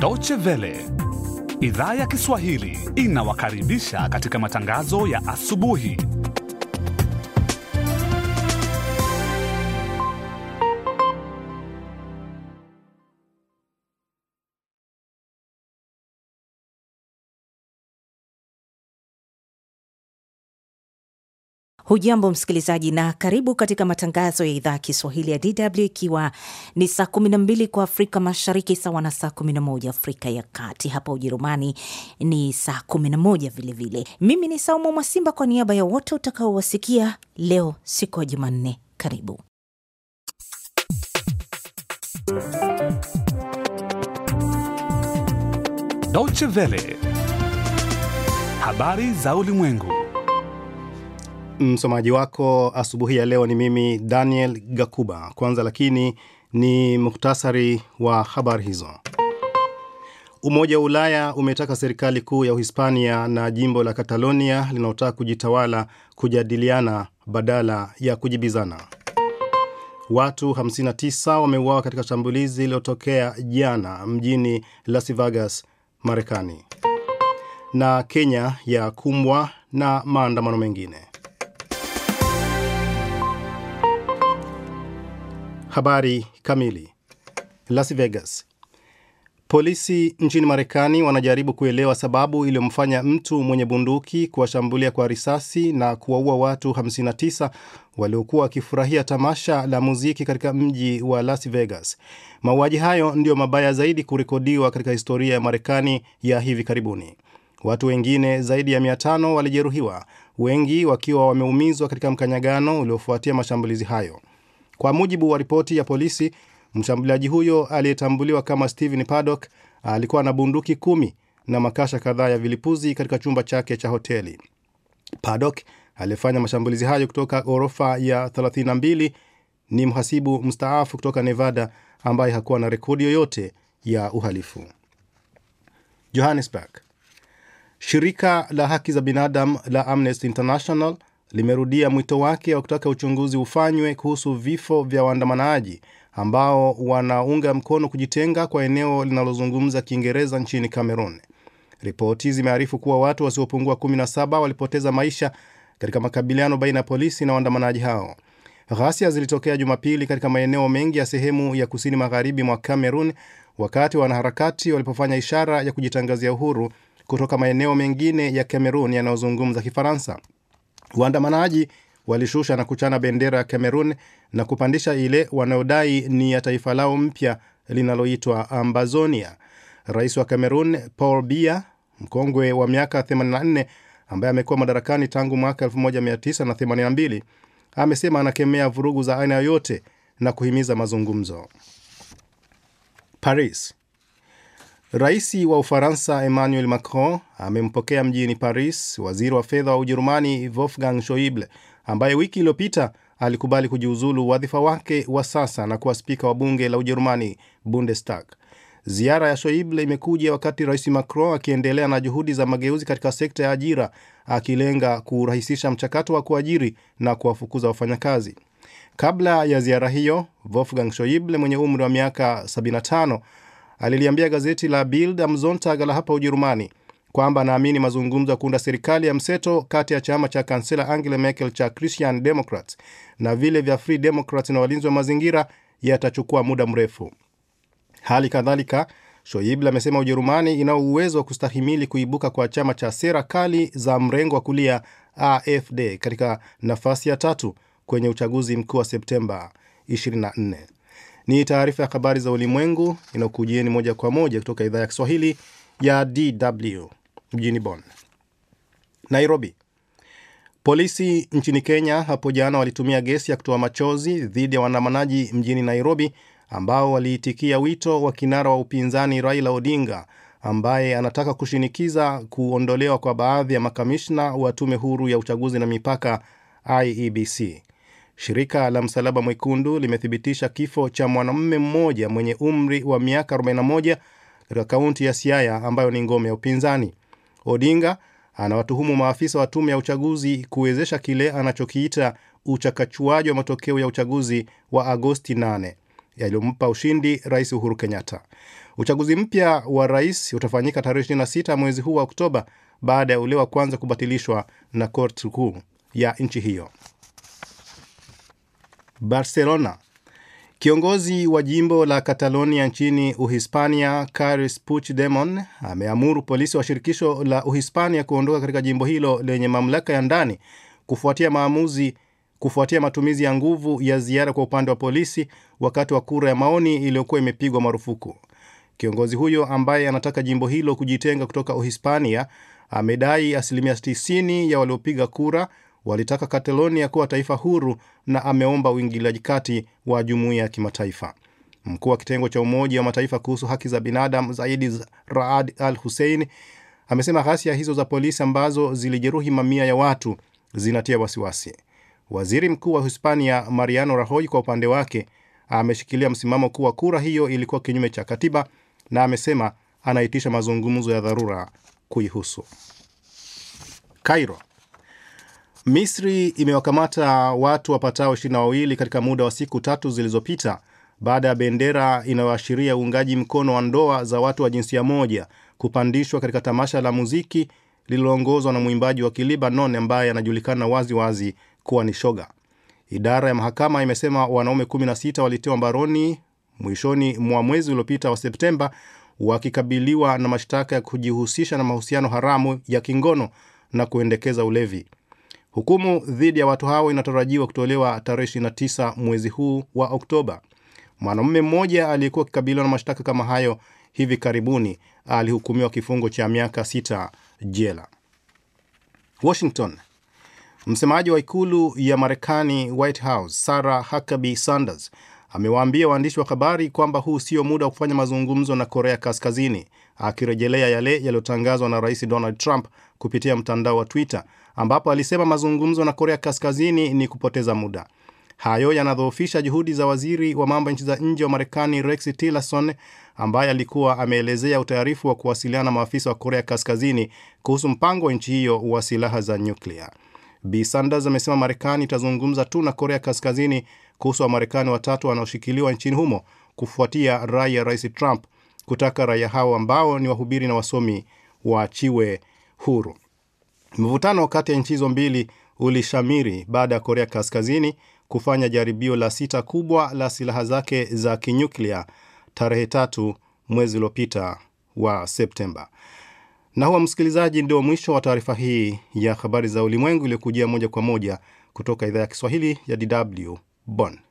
Deutsche Welle idhaa ya Kiswahili inawakaribisha katika matangazo ya asubuhi Hujambo msikilizaji, na karibu katika matangazo ya idhaa ya Kiswahili ya DW, ikiwa ni saa 12 kwa Afrika Mashariki, sawa na saa 11 Afrika ya Kati. Hapa Ujerumani ni saa 11 vilevile. Mimi ni Saumu Mwasimba, kwa niaba ya wote utakaowasikia leo, siku ya Jumanne. Karibu Deutsche Welle, habari za ulimwengu Msomaji wako asubuhi ya leo ni mimi Daniel Gakuba. Kwanza lakini ni muhtasari wa habari hizo. Umoja wa Ulaya umetaka serikali kuu ya Uhispania na jimbo la Katalonia linalotaka kujitawala kujadiliana badala ya kujibizana. Watu 59 wameuawa katika shambulizi lililotokea jana mjini Las Vegas, Marekani. Na Kenya yakumbwa na maandamano mengine. Habari kamili. Las Vegas. Polisi nchini Marekani wanajaribu kuelewa sababu iliyomfanya mtu mwenye bunduki kuwashambulia kwa risasi na kuwaua watu 59 waliokuwa wakifurahia tamasha la muziki katika mji wa Las Vegas. Mauaji hayo ndiyo mabaya zaidi kurekodiwa katika historia ya Marekani ya hivi karibuni. Watu wengine zaidi ya 500 walijeruhiwa, wengi wakiwa wameumizwa katika mkanyagano uliofuatia mashambulizi hayo. Kwa mujibu wa ripoti ya polisi, mshambuliaji huyo aliyetambuliwa kama Steven Paddock alikuwa na bunduki kumi na makasha kadhaa ya vilipuzi katika chumba chake cha hoteli. Paddock aliyefanya mashambulizi hayo kutoka ghorofa ya 32 ni mhasibu mstaafu kutoka Nevada ambaye hakuwa na rekodi yoyote ya uhalifu. Johannesburg. Shirika la haki za binadamu la Amnesty International limerudia mwito wake wa kutaka uchunguzi ufanywe kuhusu vifo vya waandamanaji ambao wanaunga mkono kujitenga kwa eneo linalozungumza Kiingereza nchini Cameroon. Ripoti zimearifu kuwa watu wasiopungua 17 walipoteza maisha katika makabiliano baina ya polisi na waandamanaji hao. Ghasia zilitokea Jumapili katika maeneo mengi ya sehemu ya kusini magharibi mwa Cameroon wakati wanaharakati walipofanya ishara ya kujitangazia uhuru kutoka maeneo mengine ya Cameroon yanayozungumza Kifaransa. Waandamanaji walishusha na kuchana bendera ya Cameroon na kupandisha ile wanayodai ni ya taifa lao mpya linaloitwa Ambazonia. Rais wa Cameroon Paul Biya mkongwe wa miaka 84 ambaye amekuwa madarakani tangu mwaka 1982 amesema anakemea vurugu za aina yoyote na kuhimiza mazungumzo. Paris Rais wa Ufaransa Emmanuel Macron amempokea mjini Paris waziri wa fedha wa Ujerumani Wolfgang Shoible ambaye wiki iliyopita alikubali kujiuzulu wadhifa wake wa sasa na kuwa spika wa bunge la Ujerumani, Bundestag. Ziara ya Shoible imekuja wakati Rais Macron akiendelea na juhudi za mageuzi katika sekta ya ajira, akilenga kurahisisha mchakato wa kuajiri na kuwafukuza wafanyakazi. Kabla ya ziara hiyo, Wolfgang Shoible mwenye umri wa miaka 75 aliliambia gazeti la Bild am Sonntag la hapa Ujerumani kwamba anaamini mazungumzo ya kuunda serikali ya mseto kati ya chama cha kansela Angela Merkel cha Christian Democrats na vile vya Free Democrats na walinzi wa mazingira yatachukua muda mrefu. Hali kadhalika, Shoibl amesema Ujerumani ina uwezo wa kustahimili kuibuka kwa chama cha sera kali za mrengo wa kulia AfD katika nafasi ya tatu kwenye uchaguzi mkuu wa Septemba 24. Ni taarifa ya habari za ulimwengu inayokujieni moja kwa moja kutoka idhaa ya Kiswahili ya DW mjini bon Nairobi, polisi nchini Kenya hapo jana walitumia gesi ya kutoa machozi dhidi ya waandamanaji mjini Nairobi ambao waliitikia wito wa kinara wa upinzani Raila Odinga ambaye anataka kushinikiza kuondolewa kwa baadhi ya makamishna wa tume huru ya uchaguzi na mipaka IEBC. Shirika la Msalaba Mwekundu limethibitisha kifo cha mwanamume mmoja mwenye umri wa miaka 41 katika kaunti ya Siaya ambayo ni ngome ya upinzani. Odinga anawatuhumu maafisa wa tume ya uchaguzi kuwezesha kile anachokiita uchakachuaji wa matokeo ya uchaguzi wa Agosti 8 yaliyompa ushindi Rais Uhuru Kenyatta. Uchaguzi mpya wa rais utafanyika tarehe 26 mwezi huu wa Oktoba baada ya ule wa kwanza kubatilishwa na korti kuu ya nchi hiyo. Barcelona. Kiongozi wa jimbo la Catalonia nchini Uhispania, Carles Puigdemont ameamuru polisi wa shirikisho la Uhispania kuondoka katika jimbo hilo lenye mamlaka ya ndani kufuatia maamuzi kufuatia matumizi ya nguvu ya ziara kwa upande wa polisi wakati wa kura ya maoni iliyokuwa imepigwa marufuku. Kiongozi huyo ambaye anataka jimbo hilo kujitenga kutoka Uhispania amedai asilimia 90 ya waliopiga kura walitaka katalonia kuwa taifa huru na ameomba uingiliaji kati wa jumuiya ya kimataifa. Mkuu wa kitengo cha Umoja wa Mataifa kuhusu haki za binadamu Zaidi Raad Al Hussein amesema ghasia hizo za polisi ambazo zilijeruhi mamia ya watu zinatia wasiwasi. Waziri Mkuu wa Hispania Mariano Rajoy kwa upande wake ameshikilia msimamo kuwa kura hiyo ilikuwa kinyume cha katiba na amesema anaitisha mazungumzo ya dharura kuihusu. Cairo Misri imewakamata watu wapatao ishirini na wawili katika muda wa siku tatu zilizopita baada ya bendera inayoashiria uungaji mkono wa ndoa za watu wa jinsia moja kupandishwa katika tamasha la muziki lililoongozwa na mwimbaji wa Kilibanon ambaye anajulikana wazi wazi kuwa ni shoga. Idara ya mahakama imesema wanaume 16 walitiwa mbaroni mwishoni mwa mwezi uliopita wa Septemba wakikabiliwa na mashtaka ya kujihusisha na mahusiano haramu ya kingono na kuendekeza ulevi. Hukumu dhidi ya watu hao inatarajiwa kutolewa tarehe 29 mwezi huu wa Oktoba. Mwanamume mmoja aliyekuwa akikabiliwa na mashtaka kama hayo hivi karibuni alihukumiwa kifungo cha miaka sita jela. Washington. Msemaji wa ikulu ya Marekani, White House, Sarah Huckabee Sanders amewaambia waandishi wa habari kwamba huu sio muda wa kufanya mazungumzo na Korea Kaskazini, akirejelea yale yaliyotangazwa na Rais Donald Trump kupitia mtandao wa Twitter ambapo alisema mazungumzo na Korea Kaskazini ni kupoteza muda. Hayo yanadhoofisha juhudi za waziri wa mambo ya nchi za nje wa Marekani Rex Tillerson ambaye alikuwa ameelezea utayarifu wa kuwasiliana na maafisa wa Korea Kaskazini kuhusu mpango wa nchi hiyo wa silaha za nyuklia. B Sanders amesema Marekani itazungumza tu na Korea Kaskazini kuhusu Wamarekani watatu wanaoshikiliwa nchini humo kufuatia rai ya Rais Trump kutaka raia hao ambao ni wahubiri na wasomi waachiwe huru. Mvutano kati ya nchi hizo mbili ulishamiri baada ya Korea Kaskazini kufanya jaribio la sita kubwa la silaha zake za kinyuklia tarehe tatu mwezi uliopita wa Septemba. Na huwa msikilizaji, ndio mwisho wa taarifa hii ya habari za ulimwengu iliyokujia moja kwa moja kutoka idhaa ya Kiswahili ya DW Bonn.